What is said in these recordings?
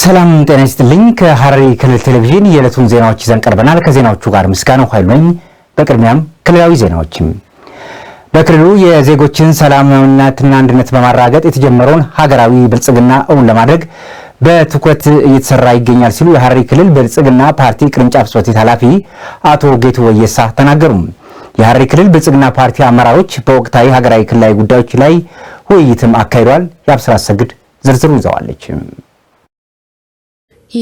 ሰላም ጤና ይስጥልኝ። ከሐረሪ ክልል ቴሌቪዥን የዕለቱን ዜናዎች ይዘን ቀርበናል። ከዜናዎቹ ጋር ምስጋናው ኃይሉ ነኝ። በቅድሚያም ክልላዊ ዜናዎችም በክልሉ የዜጎችን ሰላማዊነትና አንድነት በማረጋገጥ የተጀመረውን ሀገራዊ ብልጽግና እውን ለማድረግ በትኩረት እየተሰራ ይገኛል ሲሉ የሐረሪ ክልል ብልጽግና ፓርቲ ቅርንጫፍ ጽሕፈት ቤት ኃላፊ አቶ ጌቱ ወየሳ ተናገሩ። የሐረሪ ክልል ብልጽግና ፓርቲ አመራሮች በወቅታዊ ሀገራዊ ክልላዊ ጉዳዮች ላይ ውይይትም አካሂደዋል። የአብስራ አሰግድ ዝርዝሩ ይዘዋለች።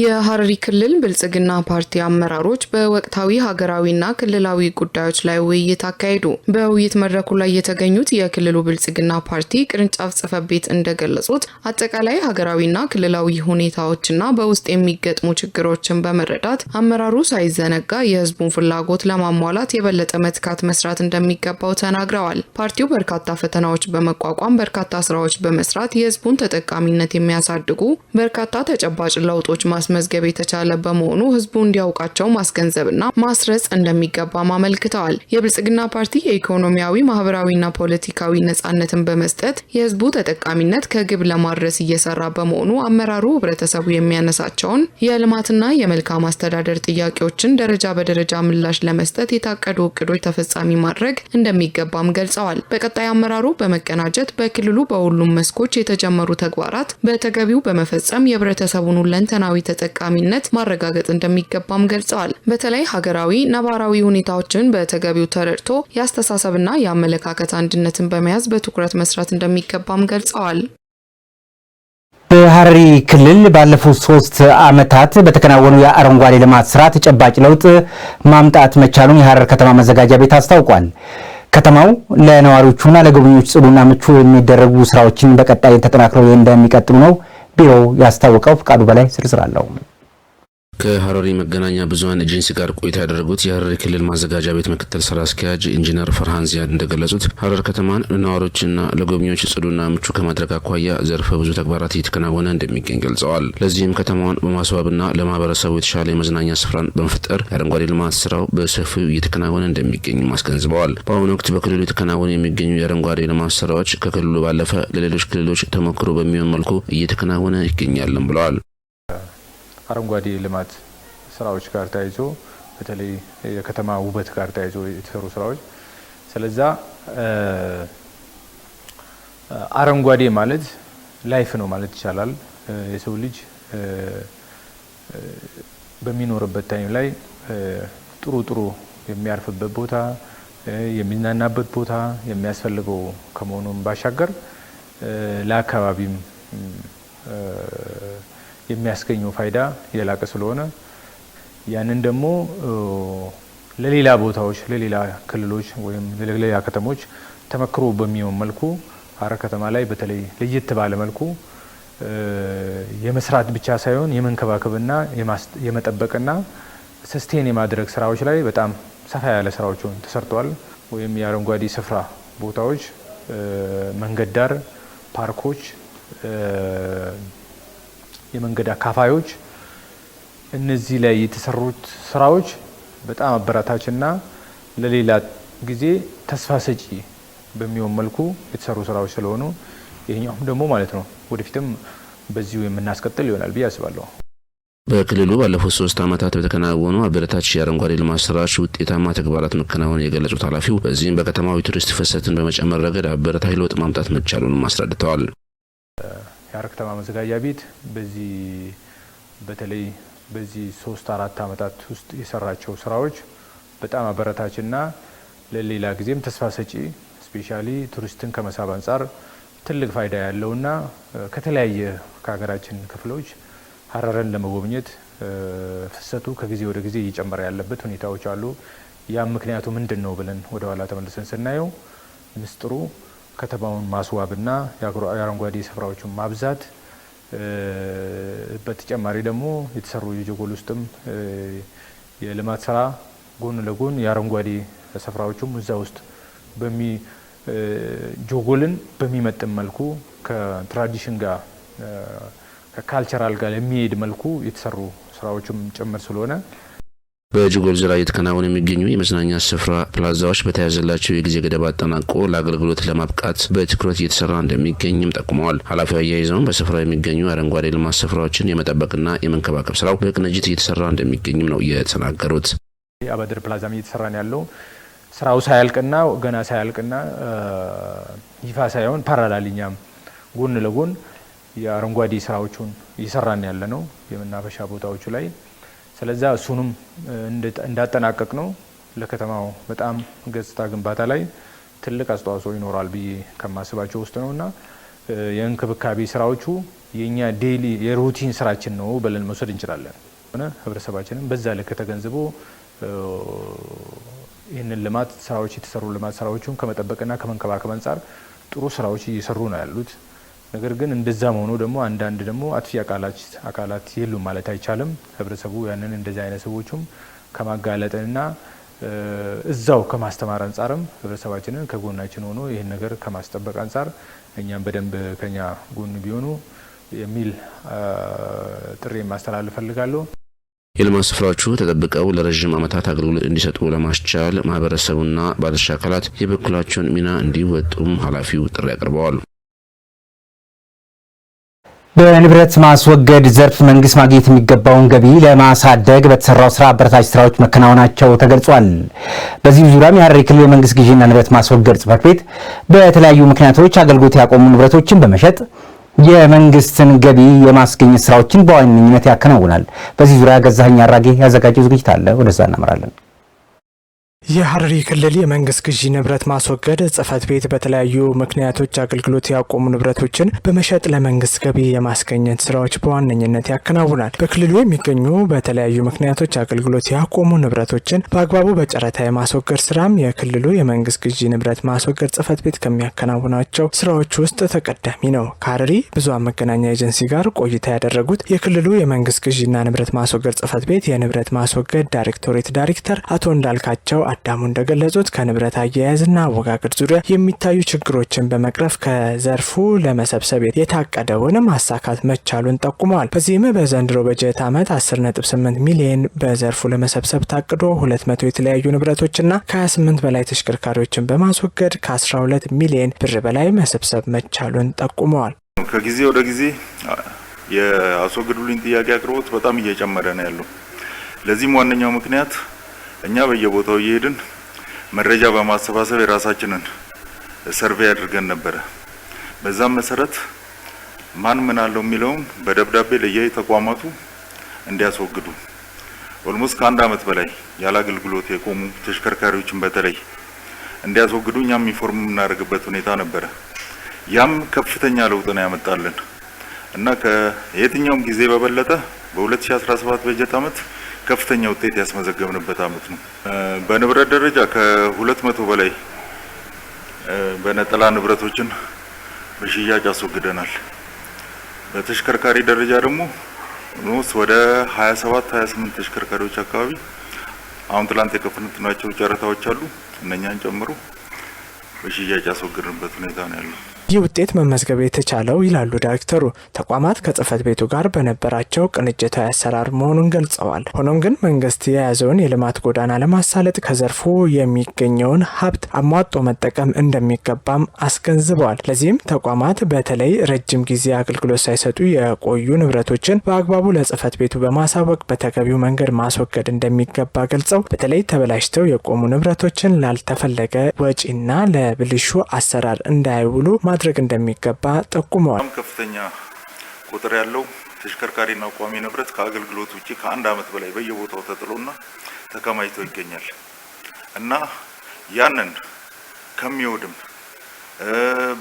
የሐረሪ ክልል ብልጽግና ፓርቲ አመራሮች በወቅታዊ ሀገራዊና ክልላዊ ጉዳዮች ላይ ውይይት አካሄዱ። በውይይት መድረኩ ላይ የተገኙት የክልሉ ብልጽግና ፓርቲ ቅርንጫፍ ጽህፈት ቤት እንደገለጹት አጠቃላይ ሀገራዊና ክልላዊ ሁኔታዎችና በውስጥ የሚገጥሙ ችግሮችን በመረዳት አመራሩ ሳይዘነጋ የሕዝቡን ፍላጎት ለማሟላት የበለጠ መትካት መስራት እንደሚገባው ተናግረዋል። ፓርቲው በርካታ ፈተናዎች በመቋቋም በርካታ ስራዎች በመስራት የሕዝቡን ተጠቃሚነት የሚያሳድጉ በርካታ ተጨባጭ ለውጦች ማስመዝገብ የተቻለ በመሆኑ ህዝቡ እንዲያውቃቸው ማስገንዘብና ማስረጽ እንደሚገባም አመልክተዋል። የብልጽግና ፓርቲ የኢኮኖሚያዊ ማህበራዊና ፖለቲካዊ ነጻነትን በመስጠት የህዝቡ ተጠቃሚነት ከግብ ለማድረስ እየሰራ በመሆኑ አመራሩ ህብረተሰቡ የሚያነሳቸውን የልማትና የመልካም አስተዳደር ጥያቄዎችን ደረጃ በደረጃ ምላሽ ለመስጠት የታቀዱ እቅዶች ተፈጻሚ ማድረግ እንደሚገባም ገልጸዋል። በቀጣይ አመራሩ በመቀናጀት በክልሉ በሁሉም መስኮች የተጀመሩ ተግባራት በተገቢው በመፈጸም የህብረተሰቡን ሁለንተናዊ ተጠቃሚነት ማረጋገጥ እንደሚገባም ገልጸዋል። በተለይ ሀገራዊ ነባራዊ ሁኔታዎችን በተገቢው ተረድቶ የአስተሳሰብና የአመለካከት አንድነትን በመያዝ በትኩረት መስራት እንደሚገባም ገልጸዋል። በሐረሪ ክልል ባለፉት ሶስት ዓመታት በተከናወኑ የአረንጓዴ ልማት ስራ ተጨባጭ ለውጥ ማምጣት መቻሉን የሐረር ከተማ መዘጋጃ ቤት አስታውቋል። ከተማው ለነዋሪዎቹና ለጎብኚዎች ጽዱና ምቹ የሚደረጉ ስራዎችን በቀጣይ ተጠናክረው እንደሚቀጥሉ ነው ቢሮው ያስታወቀው። ፍቃዱ በላይ ዝርዝር አለው። ከሀረሪ መገናኛ ብዙሀን ኤጀንሲ ጋር ቆይታ ያደረጉት የሀረሪ ክልል ማዘጋጃ ቤት ምክትል ስራ አስኪያጅ ኢንጂነር ፈርሃን ዚያድ እንደገለጹት ሀረር ከተማን ለነዋሪዎችና ለጎብኚዎች ጽዱና ምቹ ከማድረግ አኳያ ዘርፈ ብዙ ተግባራት እየተከናወነ እንደሚገኝ ገልጸዋል። ለዚህም ከተማዋን በማስዋብና ለማህበረሰቡ የተሻለ የመዝናኛ ስፍራን በመፍጠር የአረንጓዴ ልማት ስራው በሰፊው እየተከናወነ እንደሚገኝ አስገንዝበዋል። በአሁኑ ወቅት በክልሉ የተከናወኑ የሚገኙ የአረንጓዴ ልማት ስራዎች ከክልሉ ባለፈ ለሌሎች ክልሎች ተሞክሮ በሚሆን መልኩ እየተከናወነ ይገኛልም ብለዋል። አረንጓዴ ልማት ስራዎች ጋር ተያይዞ በተለይ የከተማ ውበት ጋር ተያይዞ የተሰሩ ስራዎች ስለዛ አረንጓዴ ማለት ላይፍ ነው ማለት ይቻላል። የሰው ልጅ በሚኖርበት ታይም ላይ ጥሩ ጥሩ የሚያርፍበት ቦታ፣ የሚዝናናበት ቦታ የሚያስፈልገው ከመሆኑም ባሻገር ለአካባቢም የሚያስገኘው ፋይዳ የላቀ ስለሆነ ያንን ደግሞ ለሌላ ቦታዎች፣ ለሌላ ክልሎች ወይም ለሌላ ከተሞች ተመክሮ በሚሆን መልኩ ሀረር ከተማ ላይ በተለይ ለየት ባለ መልኩ የመስራት ብቻ ሳይሆን የመንከባከብና የመጠበቅና ሰስቴን የማድረግ ስራዎች ላይ በጣም ሰፋ ያለ ስራዎች ተሰርተዋል። ወይም የአረንጓዴ ስፍራ ቦታዎች፣ መንገድ ዳር ፓርኮች የመንገድ አካፋዮች እነዚህ ላይ የተሰሩት ስራዎች በጣም አበራታችና ለሌላ ጊዜ ተስፋ ሰጪ በሚሆን መልኩ የተሰሩ ስራዎች ስለሆኑ ይህኛውም ደግሞ ማለት ነው ወደፊትም በዚሁ የምናስቀጥል ይሆናል ብዬ አስባለሁ። በክልሉ ባለፉት ሶስት ዓመታት በተከናወኑ አበረታች የአረንጓዴ ልማት ስራዎች ውጤታማ ተግባራት መከናወን የገለጹት ኃላፊው በዚህም በከተማው ቱሪስት ፍሰትን በመጨመር ረገድ አበረታች ለውጥ ማምጣት መቻሉንም አስረድተዋል። ሐረር ከተማ መዘጋጃ ቤት በዚህ በተለይ በዚህ ሶስት አራት ዓመታት ውስጥ የሰራቸው ስራዎች በጣም አበረታችና ለሌላ ጊዜም ተስፋ ሰጪ ስፔሻሊ ቱሪስትን ከመሳብ አንጻር ትልቅ ፋይዳ ያለውና ከተለያየ ከሀገራችን ክፍሎች ሀረርን ለመጎብኘት ፍሰቱ ከጊዜ ወደ ጊዜ እየጨመረ ያለበት ሁኔታዎች አሉ። ያም ምክንያቱ ምንድን ነው ብለን ወደኋላ ኋላ ተመልሰን ስናየው ምስጢሩ ከተማውን ማስዋብና የአረንጓዴ ስፍራዎችን ማብዛት በተጨማሪ ደግሞ የተሰሩ የጀጎል ውስጥም የልማት ስራ ጎን ለጎን የአረንጓዴ ስፍራዎችም እዛ ውስጥ በሚ ጆጎልን በሚመጥን መልኩ ከትራዲሽን ጋር ከካልቸራል ጋር የሚሄድ መልኩ የተሰሩ ስራዎችም ጭምር ስለሆነ በጅጎል ዙሪያ እየተከናወኑ የሚገኙ የመዝናኛ ስፍራ ፕላዛዎች በተያዘላቸው የጊዜ ገደብ አጠናቆ ለአገልግሎት ለማብቃት በትኩረት እየተሰራ እንደሚገኝም ጠቁመዋል። ኃላፊው አያይዘውም በስፍራው የሚገኙ አረንጓዴ ልማት ስፍራዎችን የመጠበቅና የመንከባከብ ስራው በቅንጅት እየተሰራ እንደሚገኝም ነው የተናገሩት። አባድር ፕላዛም እየተሰራ ነው ያለው ስራው ሳያልቅና ገና ሳያልቅና ይፋ ሳይሆን ፓራላልኛም ጎን ለጎን የአረንጓዴ ስራዎቹን እየሰራን ያለ ነው የመናፈሻ ቦታዎቹ ላይ ስለዛ እሱንም እንዳጠናቀቅ ነው ለከተማው በጣም ገጽታ ግንባታ ላይ ትልቅ አስተዋጽኦ ይኖራል ብዬ ከማስባቸው ውስጥ ነው እና የእንክብካቤ ስራዎቹ የእኛ ዴይሊ የሩቲን ስራችን ነው ብለን መውሰድ እንችላለን። ሆነ ህብረተሰባችንም በዛ ልክ ተገንዝቦ ይህንን ልማት ስራዎች የተሰሩ ልማት ስራዎቹን ከመጠበቅና ከመንከባከብ አንጻር ጥሩ ስራዎች እየሰሩ ነው ያሉት። ነገር ግን እንደዛም ሆኖ ደግሞ አንዳንድ ደግሞ አጥፊ አካላት ይሉ ማለት አይቻልም። ህብረተሰቡ ያንን እንደዚህ አይነት ሰዎቹም ከማጋለጥንና እዛው ከማስተማር አንጻርም ህብረተሰባችንን ከጎናችን ሆኖ ይህን ነገር ከማስጠበቅ አንጻር እኛም በደንብ ከኛ ጎን ቢሆኑ የሚል ጥሪ ማስተላለፍ ፈልጋለሁ። የልማት ስፍራዎቹ ተጠብቀው ለረዥም ዓመታት አገልግሎት እንዲሰጡ ለማስቻል ማህበረሰቡና ባለድርሻ አካላት የበኩላቸውን ሚና እንዲወጡም ኃላፊው ጥሪ አቅርበዋል። በንብረት ማስወገድ ዘርፍ መንግስት ማግኘት የሚገባውን ገቢ ለማሳደግ በተሰራው ስራ አበረታች ስራዎች መከናወናቸው ተገልጿል። በዚህ ዙሪያም የሐረሪ ክልል የመንግስት ግዢና ንብረት ማስወገድ ጽሕፈት ቤት በተለያዩ ምክንያቶች አገልግሎት ያቆሙ ንብረቶችን በመሸጥ የመንግስትን ገቢ የማስገኘት ስራዎችን በዋነኝነት ያከናውናል። በዚህ ዙሪያ ገዛኸኝ አራጌ ያዘጋጀው ዝግጅት አለ፣ ወደዛ እናመራለን። የሐረሪ ክልል የመንግስት ግዢ ንብረት ማስወገድ ጽህፈት ቤት በተለያዩ ምክንያቶች አገልግሎት ያቆሙ ንብረቶችን በመሸጥ ለመንግስት ገቢ የማስገኘት ስራዎች በዋነኝነት ያከናውናል። በክልሉ የሚገኙ በተለያዩ ምክንያቶች አገልግሎት ያቆሙ ንብረቶችን በአግባቡ በጨረታ የማስወገድ ስራም የክልሉ የመንግስት ግዢ ንብረት ማስወገድ ጽህፈት ቤት ከሚያከናውናቸው ስራዎች ውስጥ ተቀዳሚ ነው። ከሐረሪ ብዙኃን መገናኛ ኤጀንሲ ጋር ቆይታ ያደረጉት የክልሉ የመንግስት ግዢና ንብረት ማስወገድ ጽህፈት ቤት የንብረት ማስወገድ ዳይሬክቶሬት ዳይሬክተር አቶ እንዳልካቸው አዳሙ እንደገለጹት ከንብረት አያያዝና አወጋገድ ዙሪያ የሚታዩ ችግሮችን በመቅረፍ ከዘርፉ ለመሰብሰብ የታቀደውንም ማሳካት መቻሉን ጠቁመዋል። በዚህም በዘንድሮ በጀት ዓመት 18 ሚሊዮን በዘርፉ ለመሰብሰብ ታቅዶ 200 የተለያዩ ንብረቶችና ከ28 በላይ ተሽከርካሪዎችን በማስወገድ ከ12 ሚሊዮን ብር በላይ መሰብሰብ መቻሉን ጠቁመዋል። ከጊዜ ወደ ጊዜ የአስወግዱልኝ ጥያቄ አቅርቦት በጣም እየጨመረ ነው ያለው። ለዚህም ዋነኛው ምክንያት እኛ በየቦታው እየሄድን መረጃ በማሰባሰብ የራሳችንን ሰርቬይ አድርገን ነበረ። በዛም መሰረት ማን ምን አለው የሚለውም በደብዳቤ ለየይ ተቋማቱ እንዲያስወግዱ ኦልሞስት ከአንድ አመት በላይ ያለ አገልግሎት የቆሙ ተሽከርካሪዎችን በተለይ እንዲያስወግዱ እኛም ኢንፎርም የምናደርግበት ሁኔታ ነበረ። ያም ከፍተኛ ለውጥ ነው ያመጣልን እና ከየትኛውም ጊዜ በበለጠ በ2017 በጀት አመት ከፍተኛ ውጤት ያስመዘገብንበት አመት ነው። በንብረት ደረጃ ከሁለት መቶ በላይ በነጠላ ንብረቶችን በሽያጭ አስወግደናል። በተሽከርካሪ ደረጃ ደግሞ ኖስ ወደ 27 28 ተሽከርካሪዎች አካባቢ አሁን ትላንት የከፈትናቸው ጨረታዎች አሉ። እነኛን ጨምሮ በሽያጭ ያስወግድንበት ሁኔታ ነው ያለው። ይህ ውጤት መመዝገብ የተቻለው ይላሉ ዳይሬክተሩ ተቋማት ከጽህፈት ቤቱ ጋር በነበራቸው ቅንጅታዊ አሰራር መሆኑን ገልጸዋል። ሆኖም ግን መንግስት የያዘውን የልማት ጎዳና ለማሳለጥ ከዘርፉ የሚገኘውን ሀብት አሟጦ መጠቀም እንደሚገባም አስገንዝበዋል። ለዚህም ተቋማት በተለይ ረጅም ጊዜ አገልግሎት ሳይሰጡ የቆዩ ንብረቶችን በአግባቡ ለጽህፈት ቤቱ በማሳወቅ በተገቢው መንገድ ማስወገድ እንደሚገባ ገልጸው በተለይ ተበላሽተው የቆሙ ንብረቶችን ላልተፈለገ ወጪና ለብልሹ አሰራር እንዳይውሉ ማድረግ እንደሚገባ ጠቁመዋል። ከፍተኛ ቁጥር ያለው ተሽከርካሪና ቋሚ ንብረት ከአገልግሎት ውጭ ከአንድ ዓመት በላይ በየቦታው ተጥሎና ተከማጅቶ ይገኛል እና ያንን ከሚወድም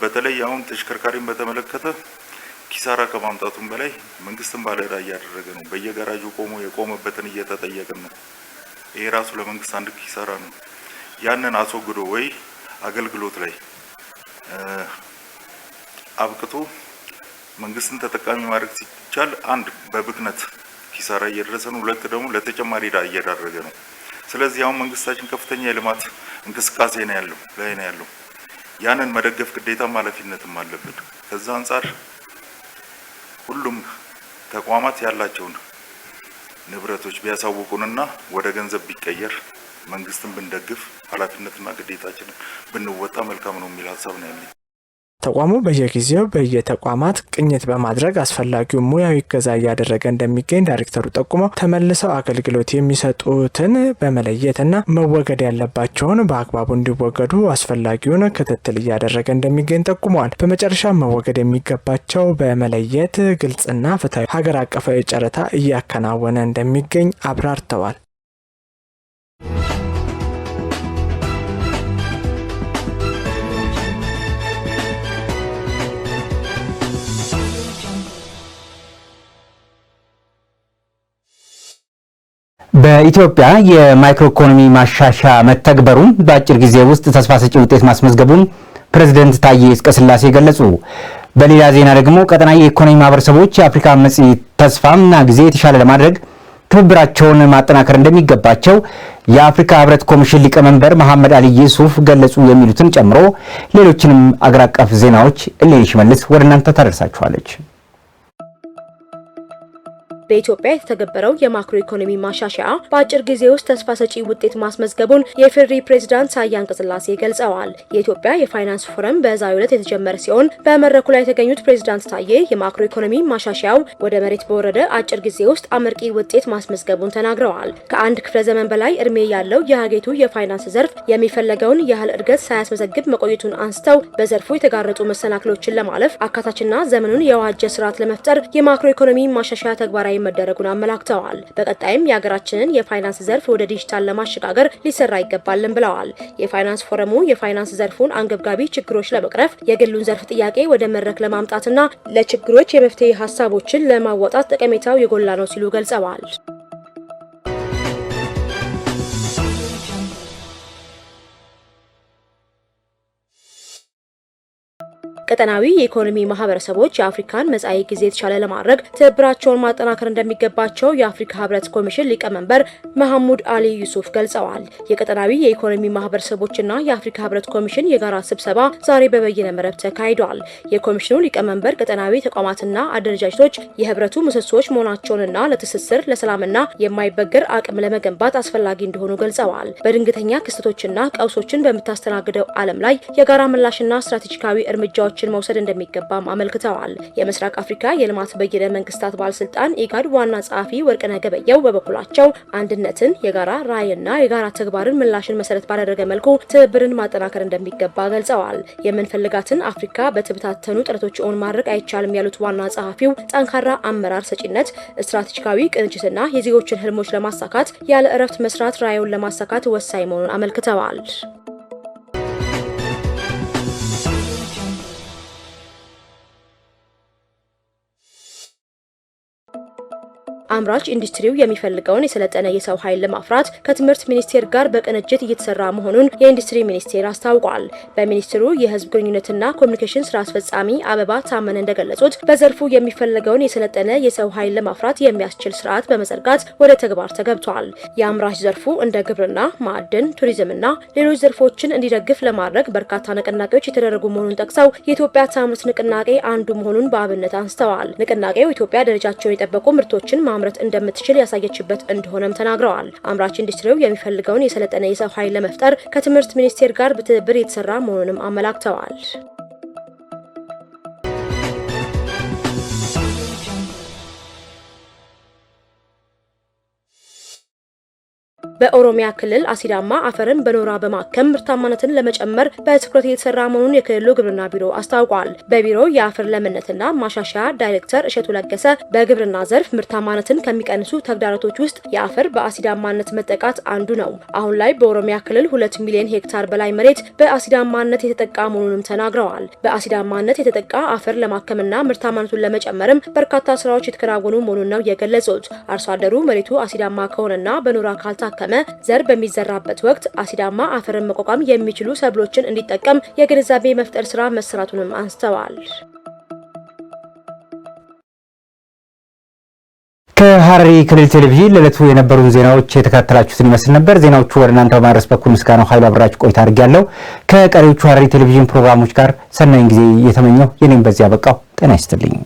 በተለይ አሁን ተሽከርካሪን በተመለከተ ኪሳራ ከማምጣቱም በላይ መንግስትን ባለዕዳ እያደረገ ነው። በየጋራጁ ቆሞ የቆመበትን እየተጠየቅን ነው። ይሄ ራሱ ለመንግስት አንድ ኪሳራ ነው። ያንን አስወግዶ ወይ አገልግሎት ላይ አብቅቶ መንግስትን ተጠቃሚ ማድረግ ሲቻል አንድ በብክነት ኪሳራ እየደረሰ ነው፣ ሁለት ደግሞ ለተጨማሪ ዕዳ እየዳረገ ነው። ስለዚህ አሁን መንግስታችን ከፍተኛ የልማት እንቅስቃሴ ነው ያለው ላይ ነው ያለው። ያንን መደገፍ ግዴታም ኃላፊነትም አለብን። ከዛ አንጻር ሁሉም ተቋማት ያላቸውን ንብረቶች ቢያሳውቁንና ወደ ገንዘብ ቢቀየር መንግስትን ብንደግፍ ኃላፊነትና ግዴታችንን ብንወጣ መልካም ነው የሚል ሀሳብ ነው ያለኝ። ተቋሙ በየጊዜው በየተቋማት ቅኝት በማድረግ አስፈላጊውን ሙያዊ እገዛ እያደረገ እንደሚገኝ ዳይሬክተሩ ጠቁመው ተመልሰው አገልግሎት የሚሰጡትን በመለየትና መወገድ ያለባቸውን በአግባቡ እንዲወገዱ አስፈላጊውን ክትትል እያደረገ እንደሚገኝ ጠቁመዋል። በመጨረሻ መወገድ የሚገባቸው በመለየት ግልጽና ፍትሐዊ ሀገር አቀፋዊ ጨረታ እያከናወነ እንደሚገኝ አብራርተዋል። በኢትዮጵያ የማይክሮ ኢኮኖሚ ማሻሻያ መተግበሩን በአጭር ጊዜ ውስጥ ተስፋ ሰጪ ውጤት ማስመዝገቡን ፕሬዝደንት ታዬ አጽቀሥላሴ ገለጹ። በሌላ ዜና ደግሞ ቀጠና የኢኮኖሚ ማህበረሰቦች የአፍሪካ መጪ ተስፋና ጊዜ የተሻለ ለማድረግ ትብብራቸውን ማጠናከር እንደሚገባቸው የአፍሪካ ህብረት ኮሚሽን ሊቀመንበር መሐመድ አሊ ዩሱፍ ገለጹ። የሚሉትን ጨምሮ ሌሎችንም አገር አቀፍ ዜናዎች እሌኒ ሽመልስ ወደ እናንተ ታደርሳችኋለች። በኢትዮጵያ የተተገበረው የማክሮ ኢኮኖሚ ማሻሻያ በአጭር ጊዜ ውስጥ ተስፋ ሰጪ ውጤት ማስመዝገቡን የፌዴሪ ፕሬዚዳንት ሳህዬ አጽቀሥላሴ ገልጸዋል። የኢትዮጵያ የፋይናንስ ፎረም በዛሬው ዕለት የተጀመረ ሲሆን በመድረኩ ላይ የተገኙት ፕሬዚዳንት ታዬ የማክሮ ኢኮኖሚ ማሻሻያው ወደ መሬት በወረደ አጭር ጊዜ ውስጥ አመርቂ ውጤት ማስመዝገቡን ተናግረዋል። ከአንድ ክፍለ ዘመን በላይ እድሜ ያለው የሀገሪቱ የፋይናንስ ዘርፍ የሚፈለገውን ያህል እድገት ሳያስመዘግብ መቆየቱን አንስተው በዘርፉ የተጋረጡ መሰናክሎችን ለማለፍ አካታችና ዘመኑን የዋጀ ስርዓት ለመፍጠር የማክሮ ኢኮኖሚ ማሻሻያ ተግባራዊ መደረጉን አመላክተዋል። በቀጣይም የሀገራችንን የፋይናንስ ዘርፍ ወደ ዲጂታል ለማሸጋገር ሊሰራ ይገባልን ብለዋል። የፋይናንስ ፎረሙ የፋይናንስ ዘርፉን አንገብጋቢ ችግሮች ለመቅረፍ የግሉን ዘርፍ ጥያቄ ወደ መድረክ ለማምጣትና ለችግሮች የመፍትሄ ሀሳቦችን ለማወጣት ጠቀሜታው የጎላ ነው ሲሉ ገልጸዋል። ቀጠናዊ የኢኮኖሚ ማህበረሰቦች የአፍሪካን መጻኢ ጊዜ የተሻለ ለማድረግ ትብብራቸውን ማጠናከር እንደሚገባቸው የአፍሪካ ህብረት ኮሚሽን ሊቀመንበር መሐሙድ አሊ ዩሱፍ ገልጸዋል። የቀጠናዊ የኢኮኖሚ ማህበረሰቦችና የአፍሪካ ህብረት ኮሚሽን የጋራ ስብሰባ ዛሬ በበይነ መረብ ተካሂዷል። የኮሚሽኑ ሊቀመንበር ቀጠናዊ ተቋማትና አደረጃጀቶች የህብረቱ ምሰሶዎች መሆናቸውንና ለትስስር ለሰላምና የማይበገር አቅም ለመገንባት አስፈላጊ እንደሆኑ ገልጸዋል። በድንገተኛ ክስተቶችና ቀውሶችን በምታስተናግደው ዓለም ላይ የጋራ ምላሽና ስትራቴጂካዊ እርምጃዎች እርምጃዎችን መውሰድ እንደሚገባም አመልክተዋል። የምስራቅ አፍሪካ የልማት በይነ መንግስታት ባለስልጣን ኢጋድ ዋና ጸሐፊ ወርቅነህ ገበየው በበኩላቸው አንድነትን፣ የጋራ ራዕይና የጋራ ተግባርን ምላሽን መሰረት ባደረገ መልኩ ትብብርን ማጠናከር እንደሚገባ ገልጸዋል። የምንፈልጋትን አፍሪካ በተበታተኑ ጥረቶች እውን ማድረግ አይቻልም ያሉት ዋና ጸሐፊው ጠንካራ አመራር ሰጪነት፣ ስትራቴጂካዊ ቅንጅትና የዜጎችን ህልሞች ለማሳካት ያለ እረፍት መስራት ራዕዩን ለማሳካት ወሳኝ መሆኑን አመልክተዋል። አምራች ኢንዱስትሪው የሚፈልገውን የሰለጠነ የሰው ኃይል ለማፍራት ከትምህርት ሚኒስቴር ጋር በቅንጅት እየተሰራ መሆኑን የኢንዱስትሪ ሚኒስቴር አስታውቋል። በሚኒስትሩ የህዝብ ግንኙነትና ኮሚኒኬሽን ስራ አስፈጻሚ አበባ ታመነ እንደገለጹት በዘርፉ የሚፈለገውን የሰለጠነ የሰው ኃይል ለማፍራት የሚያስችል ስርዓት በመዘርጋት ወደ ተግባር ተገብቷል። የአምራች ዘርፉ እንደ ግብርና፣ ማዕድን፣ ቱሪዝምና ሌሎች ዘርፎችን እንዲደግፍ ለማድረግ በርካታ ንቅናቄዎች የተደረጉ መሆኑን ጠቅሰው የኢትዮጵያ ታምርት ንቅናቄ አንዱ መሆኑን በአብነት አንስተዋል። ንቅናቄው ኢትዮጵያ ደረጃቸውን የጠበቁ ምርቶችን ማ ማምረት እንደምትችል ያሳየችበት እንደሆነም ተናግረዋል። አምራች ኢንዱስትሪው የሚፈልገውን የሰለጠነ የሰው ኃይል ለመፍጠር ከትምህርት ሚኒስቴር ጋር በትብብር የተሰራ መሆኑንም አመላክተዋል። በኦሮሚያ ክልል አሲዳማ አፈርን በኖራ በማከም ምርታማነትን ለመጨመር በትኩረት እየተሰራ መሆኑን የክልሉ ግብርና ቢሮ አስታውቋል። በቢሮው የአፈር ለምነትና ማሻሻያ ዳይሬክተር እሸቱ ለገሰ በግብርና ዘርፍ ምርታማነትን ከሚቀንሱ ተግዳሮቶች ውስጥ የአፈር በአሲዳማነት መጠቃት አንዱ ነው። አሁን ላይ በኦሮሚያ ክልል ሁለት ሚሊዮን ሄክታር በላይ መሬት በአሲዳማነት የተጠቃ መሆኑንም ተናግረዋል። በአሲዳማነት የተጠቃ አፈር ለማከምና ምርታማነቱን ለመጨመርም በርካታ ስራዎች የተከናወኑ መሆኑን ነው የገለጹት። አርሶ አደሩ መሬቱ አሲዳማ ከሆነና በኖራ ካልታከመ ተጠቀመ። ዘር በሚዘራበት ወቅት አሲዳማ አፈርን መቋቋም የሚችሉ ሰብሎችን እንዲጠቀም የግንዛቤ መፍጠር ስራ መሰራቱንም አንስተዋል። ከሐረሪ ክልል ቴሌቪዥን ለዕለቱ የነበሩን ዜናዎች የተከታተላችሁትን ይመስል ነበር። ዜናዎቹ ወደ እናንተ በማድረስ በኩል ምስጋናው ኃይሉ አብራችሁ ቆይታ አድርጊያለሁ። ከቀሪዎቹ ሐረሪ ቴሌቪዥን ፕሮግራሞች ጋር ሰናይን ጊዜ እየተመኘው የኔም በዚያ በቃው። ጤና ይስጥልኝ።